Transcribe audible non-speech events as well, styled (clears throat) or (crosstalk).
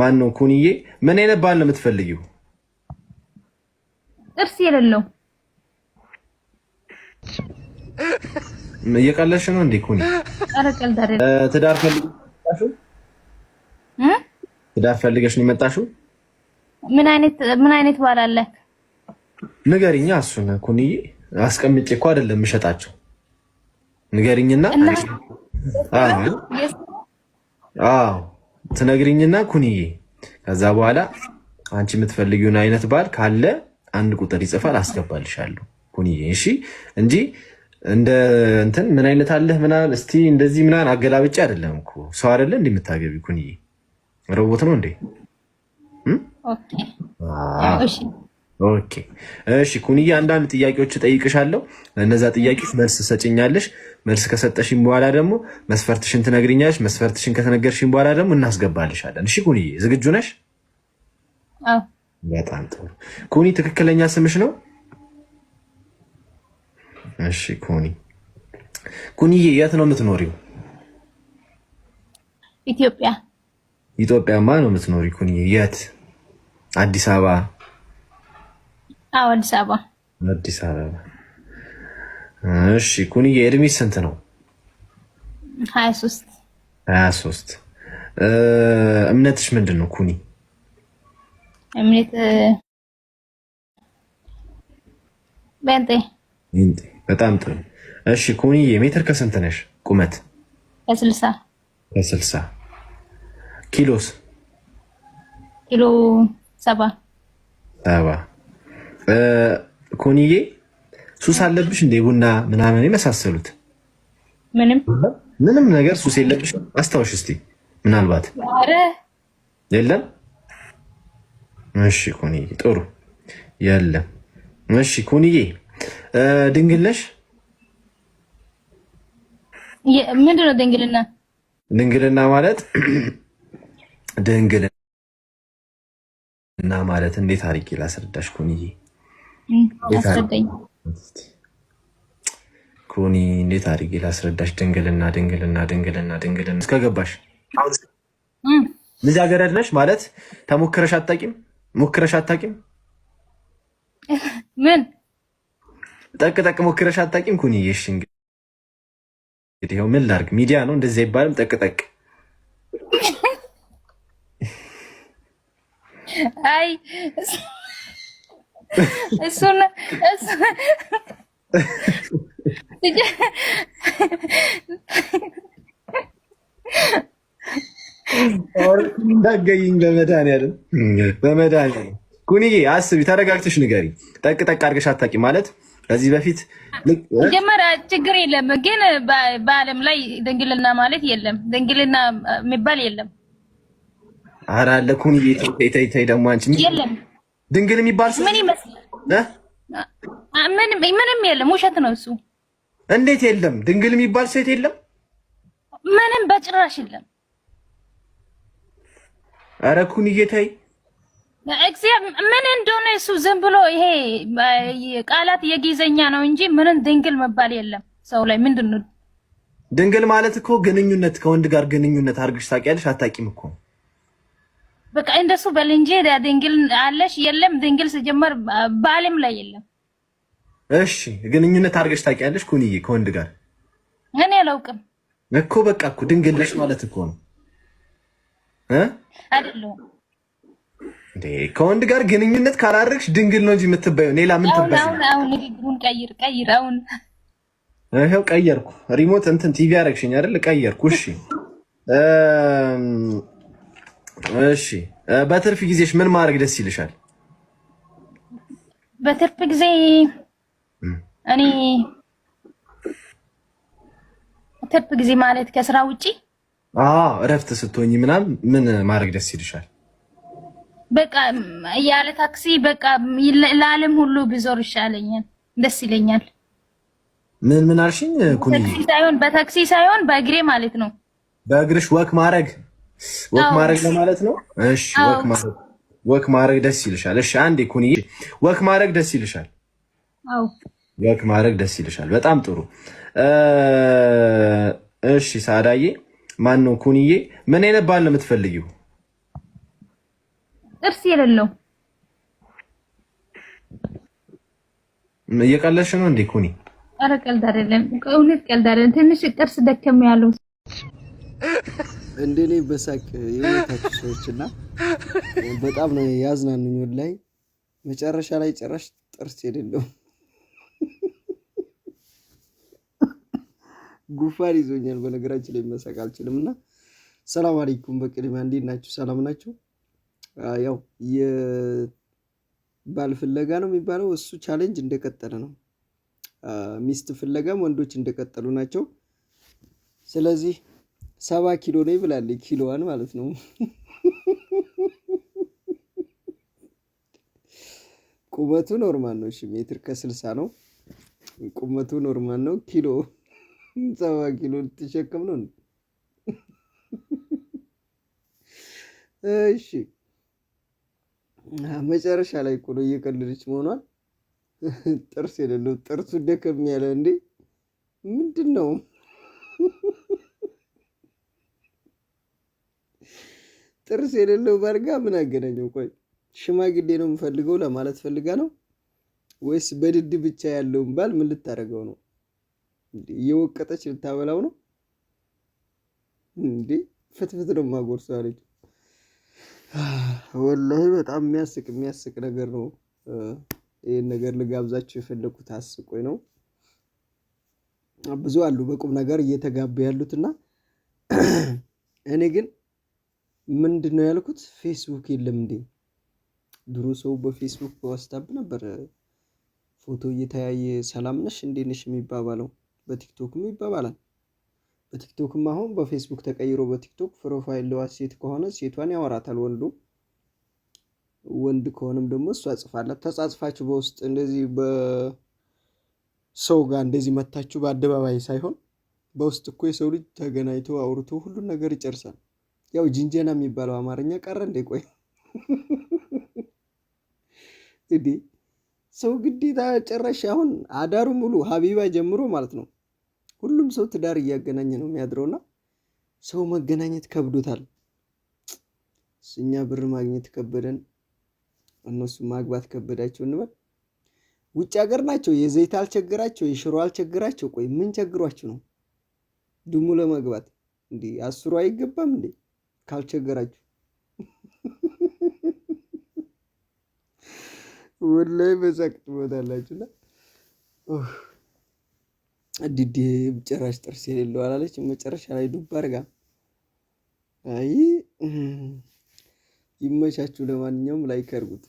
ማን ነው ኩንዬ? ምን አይነት ባል ነው የምትፈልጊው? ጥርስ የሌለው እየቀለሽ ነው እንዴ ኩኒ? ትዳር ፈልገሽ ነው የመጣሽው? ምን አይነት ምን አይነት ባል አለ ንገሪኛ። እሱን ኩንዬ አስቀምጬ እኮ አይደለም የምሸጣቸው። ንገሪኝና አዎ ትነግሪኝና ኩንዬ ከዛ በኋላ አንቺ የምትፈልጊውን አይነት ባል ካለ አንድ ቁጥር ይጽፋል አስገባልሻለሁ ኩንዬ እሺ እንጂ እንደ እንትን ምን አይነት አለህ ምናምን እስቲ እንደዚህ ምናምን አገላብጬ አይደለም እኮ ሰው አይደለ እንደ የምታገቢ ኩንዬ ረቦት ነው እንዴ ኦኬ እሺ ኩንዬ አንዳንድ ጥያቄዎች ጠይቅሻለሁ ለእነዛ ጥያቄዎች መልስ ሰጭኛለሽ። መልስ ከሰጠሽኝ በኋላ ደግሞ መስፈርትሽን ትነግርኛለሽ መስፈርትሽን ከተነገርሽኝ በኋላ ደግሞ እናስገባልሻለን። እሺ ኩንዬ ዝግጁ ነሽ? በጣም ጥሩ። ኩኒ ትክክለኛ ስምሽ ነው? እሺ ኩኒ። ኩኒዬ የት ነው የምትኖሪው? ኢትዮጵያ። ኢትዮጵያማ ነው የምትኖሪ ኩኒዬ? የት? አዲስ አበባ አዎ አዲስ አበባ አዲስ አበባ። እሺ ኩኒ የእድሜ ስንት ነው? ሀያ ሶስት ሀያ ሶስት እምነትሽ ምንድን ነው ኩኒ? እምነት በንጤ ንጤ። በጣም ጥሩ። እሺ ኩኒ የሜትር ከስንት ነሽ? ቁመት ከስልሳ ከስልሳ ኪሎስ? ኪሎ ሰባ ሰባ ኮንዬ ሱስ አለብሽ እንደ ቡና ምናምን የመሳሰሉት ምንም ምንም ነገር ሱስ የለብሽ። አስታውሽ እስቲ ምናልባት የለም። እሺ ኮንዬ ጥሩ የለም። እሺ ኮንዬ ድንግልነሽ? ምንድን ነው ድንግልና? ድንግልና ማለት (clears throat) ድንግልና ማለት እንዴት አድርጌ ላስረዳሽ ኮንዬ ኮኒ እንዴት አድርጌ ላስረዳሽ? ድንግልና ድንግልና ድንግልና ድንግልና እስከገባሽ ልጃገረድ ነሽ ማለት ተሞክረሽ አታቂም? ሞክረሽ አታቂም? ምን ጠቅ ጠቅ ሞክረሽ አታቂም? ኩኒ እሺ እንግዲህ ምን ላርግ? ሚዲያ ነው እንደዚህ አይባልም። ጠቅ ጠቅ አይ እሱን እንዳገኝኝ በመድኃኒዓለም በመድኃኒዓለም ኩኒዬ አስቢ፣ ተረጋግተሽ ንገሪ። ጠቅ ጠቅ አድርገሽ አታውቂ ማለት ከዚህ በፊት መጀመሪያ ችግር የለም ግን በዓለም ላይ ድንግልና ማለት የለም፣ ድንግልና የሚባል የለም። ተይ ተይ ተይ ደግሞ አንቺ የለም ድንግል የሚባል ምን ይመስላል? ምንም የለም፣ ውሸት ነው እሱ። እንዴት የለም? ድንግል የሚባል ሴት የለም፣ ምንም በጭራሽ የለም። ኧረ ኩንዬ ተይ፣ ምን እንደሆነ እሱ ዝም ብሎ ይሄ ቃላት የጊዜኛ ነው እንጂ ምንም ድንግል መባል የለም ሰው ላይ ምንድን ነው ድንግል ማለት እኮ ግንኙነት ከወንድ ጋር ግንኙነት አድርግሽ ታውቂያለሽ? አታውቂም እኮ በቃ እንደሱ በል እንጂ ድንግል አለሽ የለም። ድንግል ስጀመር በዓለም ላይ የለም። እሺ ግንኙነት አድርገሽ ታውቂያለሽ ኩኒዬ ከወንድ ጋር? እኔ አላውቅም እኮ በቃ እኮ ድንግል ነሽ ማለት እኮ ነው እ አይደለሁም እንዴ ከወንድ ጋር ግንኙነት ካላደረግሽ ድንግል ነው እንጂ የምትባየው ሌላ ምን ትባይ? አሁን አሁን ቀይር ቀይር። አሁን ቀየርኩ። ሪሞት እንትን ቲቪ አደረግሽኝ አይደል? ቀየርኩ። እሺ እሺ፣ በትርፍ ጊዜሽ ምን ማድረግ ደስ ይልሻል? በትርፍ ጊዜ እኔ ትርፍ ጊዜ ማለት ከስራ ውጪ አዎ፣ እረፍት ስትሆኝ ምናምን ምን ማድረግ ደስ ይልሻል? በቃ ያለ ታክሲ በቃ ለዓለም ሁሉ ብዞር ይሻለኛል፣ ደስ ይለኛል። ምን ምን አልሽኝ? ኩኒ ሳይሆን በታክሲ ሳይሆን በእግሬ ማለት ነው። በእግርሽ ወክ ማድረግ ወክ ማድረግ ለማለት ነው። እሺ ወክ ማድረግ ወክ ማድረግ ደስ ይልሻል? እሺ አንዴ ኩኒ ወክ ማድረግ ደስ ይልሻል? አዎ ወክ ማድረግ ደስ ይልሻል። በጣም ጥሩ። እሺ ሳዳዬ ማን ነው ኩንዬ፣ ምን አይነት ባል ነው የምትፈልጊው? ጥርስ የሌለው እየቀለድሽ ነው እንዴ ኩኒ? ኧረ ቀልድ አይደለም፣ እውነት ቀልድ አይደለም። ትንሽ ጥርስ ደከም ያለው እንደኔ በሳቅ የመታችሁ ሰዎች እና በጣም ነው ያዝናኑኝ። ላይ መጨረሻ ላይ ጭራሽ ጥርስ የሌለው ጉፋን ይዞኛል። በነገራችን ላይ መሳቅ አልችልም እና ሰላም አለይኩም በቅድሚያ እንዴት ናችሁ? ሰላም ናችሁ? ያው የባል ፍለጋ ነው የሚባለው እሱ ቻሌንጅ እንደቀጠለ ነው። ሚስት ፍለጋም ወንዶች እንደቀጠሉ ናቸው። ስለዚህ ሰባ ኪሎ ነው ብላለች። ኪሎዋን ማለት ነው። ቁመቱ ኖርማል ነው። እሺ ሜትር ከስልሳ ነው። ቁመቱ ኖርማል ነው። ኪሎ ሰባ ኪሎ ልትሸክም ነው። እሺ መጨረሻ ላይ ቁሎ እየቀለደች መሆኗን ጥርስ የሌለው ጥርሱ ደከም ያለ እንዴ ምንድን ነው? ጥርስ የሌለው ባል ጋር ምን አገናኘው? ቆይ ሽማግሌ ነው የምፈልገው ለማለት ፈልጋ ነው ወይስ በድድ ብቻ ያለውን ባል ምን ልታደርገው ነው? እየወቀጠች ልታበላው ነው እንዴ? ፍትፍት ነው የማጎርሰው አለች። ወላሂ በጣም የሚያስቅ የሚያስቅ ነገር ነው። ይህን ነገር ልጋብዛችሁ የፈለኩት አስቆኝ ነው። ብዙ አሉ በቁም ነገር እየተጋቡ ያሉትና እኔ ግን ምንድነው ያልኩት? ፌስቡክ የለም እንዴ? ድሮ ሰው በፌስቡክ በዋስታብ ነበር ፎቶ እየተያየ ሰላም ነሽ እንዴ ነሽ የሚባባለው። በቲክቶክም ይባባላል። በቲክቶክም አሁን በፌስቡክ ተቀይሮ በቲክቶክ ፕሮፋይል ለዋት ሴት ከሆነ ሴቷን ያወራታል ወንዱ ወንድ ከሆነም ደግሞ እሷ ጽፋላት ተጻጽፋችሁ በውስጥ እንደዚህ በሰው ጋር እንደዚህ መታችሁ በአደባባይ ሳይሆን በውስጥ እኮ የሰው ልጅ ተገናኝቶ አውርቶ ሁሉን ነገር ይጨርሳል። ያው ጅንጀና የሚባለው አማርኛ ቀረ እንዴ? ቆይ እንዴ ሰው ግዴታ ጨረሻ አሁን አዳሩ ሙሉ ሀቢባ ጀምሮ ማለት ነው ሁሉም ሰው ትዳር እያገናኘ ነው የሚያድረውና ሰው መገናኘት ከብዶታል። እኛ ብር ማግኘት ከበደን፣ እነሱ ማግባት ከበዳቸው እንበል። ውጭ ሀገር ናቸው። የዘይት አልቸግራቸው፣ የሽሮ አልቸግራቸው። ቆይ ምን ቸግሯቸው ነው ድሙ ለመግባት እንዲህ አስሩ አይገባም እንዴ? ካልቸገራችሁ ወላይ በሳቅ ና ዲዴ ጭራሽ ጥርስ የሌለው አላለች። መጨረሻ ላይ ዱብ አድርጋ አይ ይመቻችሁ። ለማንኛውም ላይክ አድርጉት።